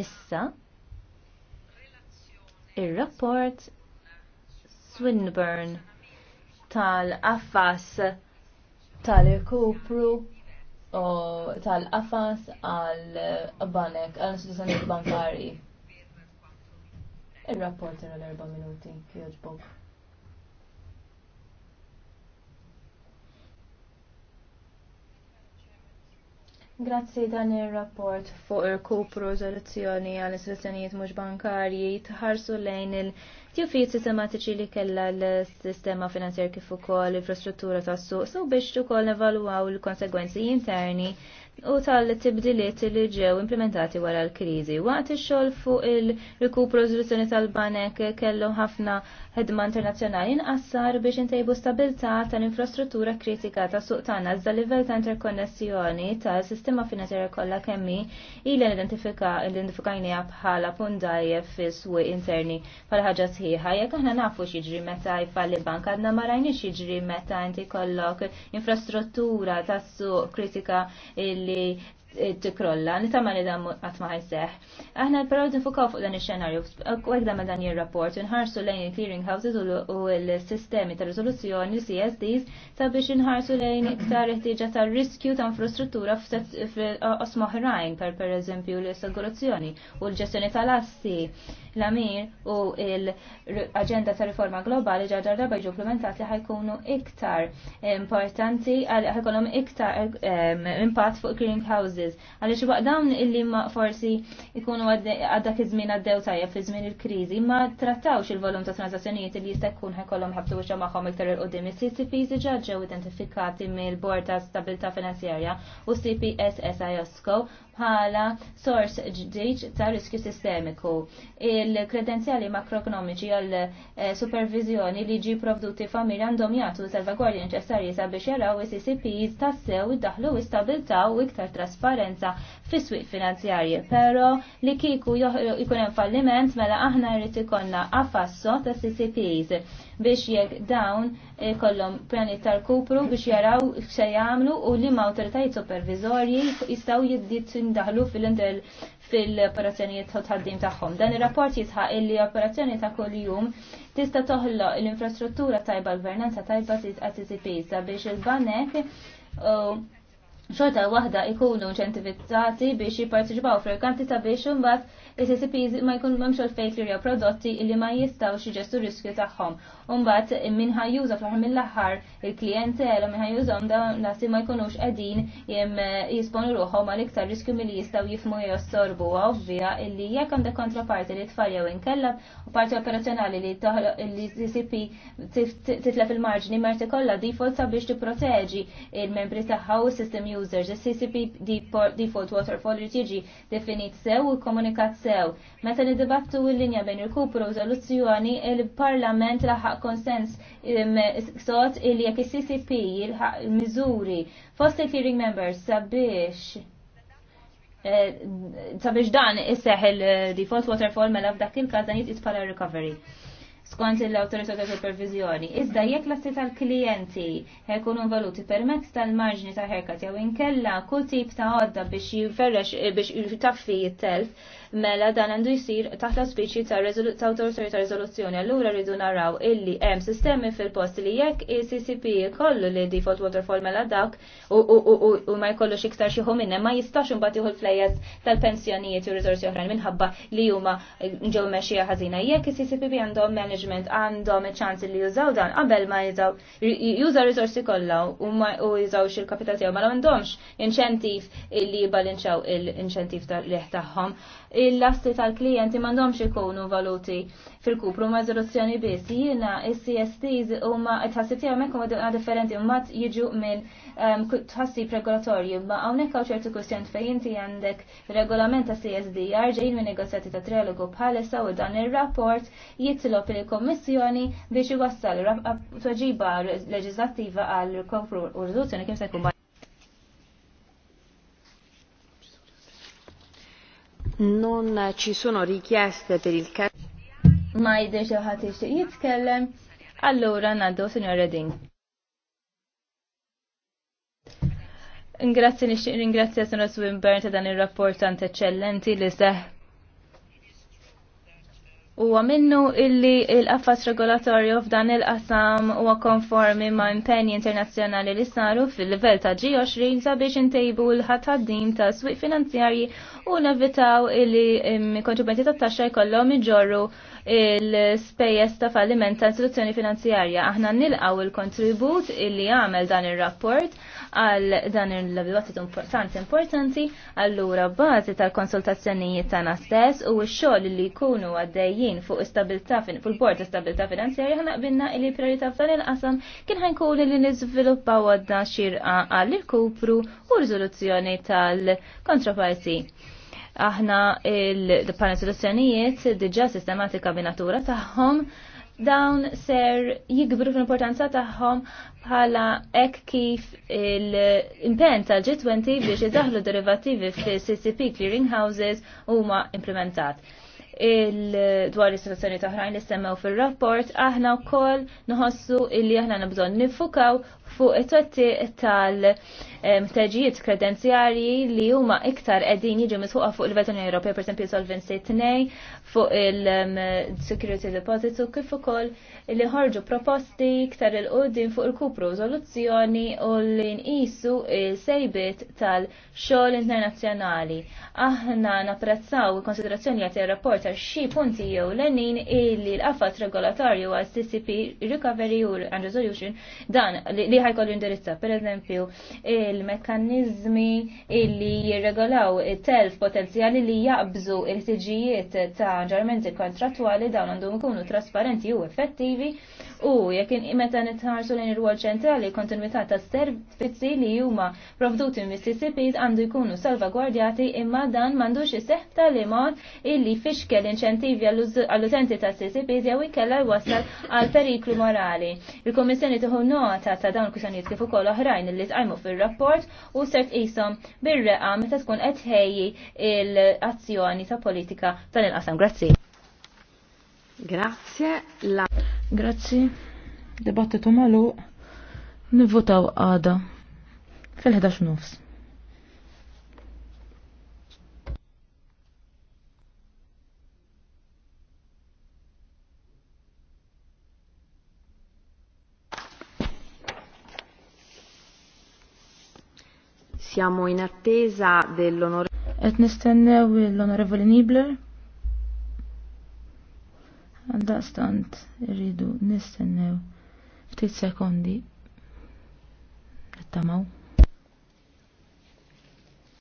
Issa, il-rapport Swinburne tal-affas tal-kopru u tal-affas għal-banek, għal istituzzjoni bankari. Il-rapport era l-erba minuti, kjoġbok. Grazzi dan ir-rapport fuq il-kupru rezoluzzjoni għal istituzzjonijiet mhux bankarji tħarsu lejn il-tjufijiet sistematiċi li kellha l-sistema finanzjar kif ukoll l-infrastruttura tas-suq sew biex ukoll nevalwaw il-konsegwenzi interni u tal-tibdiliet li ġew implementati wara l-kriżi. Waqt ix-xogħol fuq il-rikupru żoluzzjoni tal-banek kellhom ħafna ħedma internazzjonali inqassar biex intejbu stabilità tal-infrastruttura kritika ta' suq tagħna iżda livell ta' interkonnessjoni tas-sistema finanzjarja kollha kemm hi ilha identifika identifikajniha bħala pundarje fis-swieq interni bħala ħaġa sħiħa jekk aħna nafu x'jiġri meta jfalli bank għadna ma rajniex jiġri meta inti kollok infrastruttura tas-suq kritika il li tikrolla, nitama li dan għatma ħajseħ. Aħna però nfukaw fuq dan il-xenarju, għek dan dan il-rapport, nħarsu lejn il-clearing houses u l-sistemi ta' rizoluzzjoni, CSDs, sabiex nħarsu lejn iktar iħtieġa ta' riskju ta' infrastruttura f'osmoħrajn, per per eżempju l-assegurazzjoni u l-ġestjoni tal-assi, l-amir u l-agenda ta' riforma globali ġadar darba ġu implementati ħajkunu iktar importanti, ħajkunu iktar impatt fuq clearing houses houses għaliex waqt dawn illi ma forsi ikunu għadda iż-żmien għaddew tajjeb fi żmien il-kriżi ma trattawx il-volum ta' transazzjonijiet li jista' jkun ħajkollhom ħabtu wiċċa magħhom iktar il qudiem Is-CCPs diġà ġew identifikati mill-Bord ta' Stabilità Finanzjarja u CPSS IOSCO bħala source ġdijġ ta' riskju sistemiku. Il-kredenzjali makroekonomiċi għal eh, supervizjoni li ġi provduti familja għandhom jagħtu salvagwardji neċessarji sabiex jaraw is-CCPs tassew u istabilta u iktar trasparenti trasparenza fis-swieq finanzjarji, però li kieku jkun hemm falliment mela aħna jrid ikollna affasso ta' CCPs biex jekk dawn kollhom pjani tal-kupru biex jaraw xe jagħmlu u li ma' awtoritajiet supervizorji jistgħu jiddiet jindaħlu fil-intel fil-operazzjonijiet tħaddim tagħhom. Dan ir-rapport jisħaq illi operazzjoni ta' kuljum tista' toħloq l-infrastruttura tajba l-gvernanza tajba t-CCP sabiex il-banek xorta wahda ikunu ċentivizzati biex jipparteċipaw frekanti ta' biex umbat il ma jkun memxol fejt li prodotti illi ma jistaw xieġestu riskju tagħhom. Umbat minħa juża fl mill-aħħar il-klientel u minħa jużom da nasi ma jkunux qegħdin jisponu ruħom għal iktar riskju milli jistaw jifmu jossorbu ovvja illi jekk għanda kontraparti li tfal u inkellem u parti operazzjonali li l-CCP titlef il-marġni marti kollha default sabiex tipproteġi il-membri tagħha u s-sistem users. Il-CCP default waterfall li tiġi definit sew u komunikat sew. Meta nidibattu il-linja bejn il-kupru u soluzzjoni, il-Parlament laħaq konsens sot il jekk il-CCP jilħaq il-mizuri fost il members sabiex eh, sabiex dan isseħ il-default waterfall mela f'dak il kazanit dan pala recovery skont l-autorità ta' supervizjoni. Iżda jekk l-assi tal-klijenti jkunu valuti permezz tal-marġni ta' ħerkat jew inkella kull tip ta' għadda biex jiferrex biex jitaffi jittelf, mela dan għandu jisir taħt l aspiċi ta' autorità ta' rezoluzzjoni. Allura rridu naraw illi hemm sistemi fil-post li jekk il-CCP e kollu li default waterfall mela dak u ma jkollux iktar xi minne ma jistax imbagħad jieħu l-flejjes tal-pensjonijiet u riżorsi oħrajn minħabba li huma ġew mexxija ħażina. Jekk il-CCP e għandhom management għandhom ċans li jużaw dan qabel ma jużaw jużaw risorsi kollha u ma jużaw xil kapital tiegħu ma għandhomx inċentiv li balinċaw l-inċentiv tal-leħ tagħhom. Il-lasti tal-klijenti m'għandhomx ikunu valuti fil-kupru ma' żoluzzjoni biss. Jiena is-CSTs huma tħassib tiegħu hemmhekk differenti u mat jiġu minn ehm, tħassib regolatorju ma hawnhekk hawn ċertu kwistjon fejn inti għandek regolament ta' CSD ġejjin minn negozjati ta' trialogu bħalissa u dan ir-rapport jitlob li il-Kommissjoni biex iwassal toġiba leġislattiva għal kopru u rizoluzzjoni kif se jkun Non ci sono richieste per il caso. Ma jidirx ħadd ixtieq jitkellem, allora naddu signor Redding. Ingrazzja, nixtieq ringrazzja Swinburne ta' dan il rapport tant eċċellenti li seħ huwa minnu illi l-qafas regolatorju f'dan il-qasam huwa konformi ma' impenji internazzjonali li saru fil level ta' G20 sabiex intejbu l-ħatħaddim ta' swieq finanzjarji u navvitaw illi kontribenti ta' taxxa jkollhom iġorru il-spejjeż ta' falliment ta' istituzzjoni finanzjarja. Aħna nilqaw il-kontribut illi għamel dan ir-rapport għal dan il-dibattitu importanti importanti allura bażi tal-konsultazzjonijiet tagħna stess u x-xogħol li jkunu għaddejjin qegħdin fuq istabilità fil-bord istabilità finanzjarja ħana qbilna li priorità f'dan il-qasam kien ħankun li niżviluppaw għadna xirqa għall kupru u riżoluzzjoni tal-kontraparti aħna il-panel soluzzjonijiet diġa sistematika binatura tagħhom dawn ser jikbru fl-importanza tagħhom bħala ek kif l-impen tal-G20 biex idaħlu derivativi fil-CCP clearing houses huma implementat dwar il-situazzjoni taħrajn li semmew fil-rapport, aħna wkoll nħossu illi aħna nabżon nifukaw fuq it-totti tal-mteġijiet kredenzjarji li huma iktar qegħdin jiġu misħuqa fuq il-Vetuni Ewropea, esempio Solvency 2, fuq il-Security Deposit u kif ukoll li ħorġu proposti iktar il-qudiem fuq il-kupru soluzzjoni u li nqisu sejbit tal-xogħol internazzjonali. Aħna napprezzaw il-konsiderazzjoni għati rapport ta' xi punti jew l-għennin illi l-qafat regolatorju għal CCP Recovery and Resolution dan li ħajkollu indirizza per eżempju il-mekkanizmi illi jirregolaw telf potenzjali li jaqbżu il-ħtiġijiet ta' ġarmenti kontrattwali dawn għandhom ikunu trasparenti u effettivi u jekk meta nitħarsu lejn ir-rwol ċentrali kontinuità ta' servizzi li huma provduti Mississippi għandu jkunu salvagwardjati imma dan m'għandux iseħħ tal mod illi fixkel inċentivi għall-utenti ta' Mississippi jew ikella jwassal għal periklu morali. Il-Kommissjoni tieħu nota ta' dawn kwistjonijiet kif ukoll oħrajn li tqajmu fir-rapport u ser tqishom bir-reqa meta tkun qed ħejji l-azzjoni ta' politika tal-inqasam. Grazzi. Grazie. La... Grazzi. Dibattitu malu Nivvotaw għada fil-11 nofs. Siamo in attesa dell'onore... Et nistennew l-onorevole Nibler. Għaldaqstant irridu nistennew ftit sekondi. Nittamaw.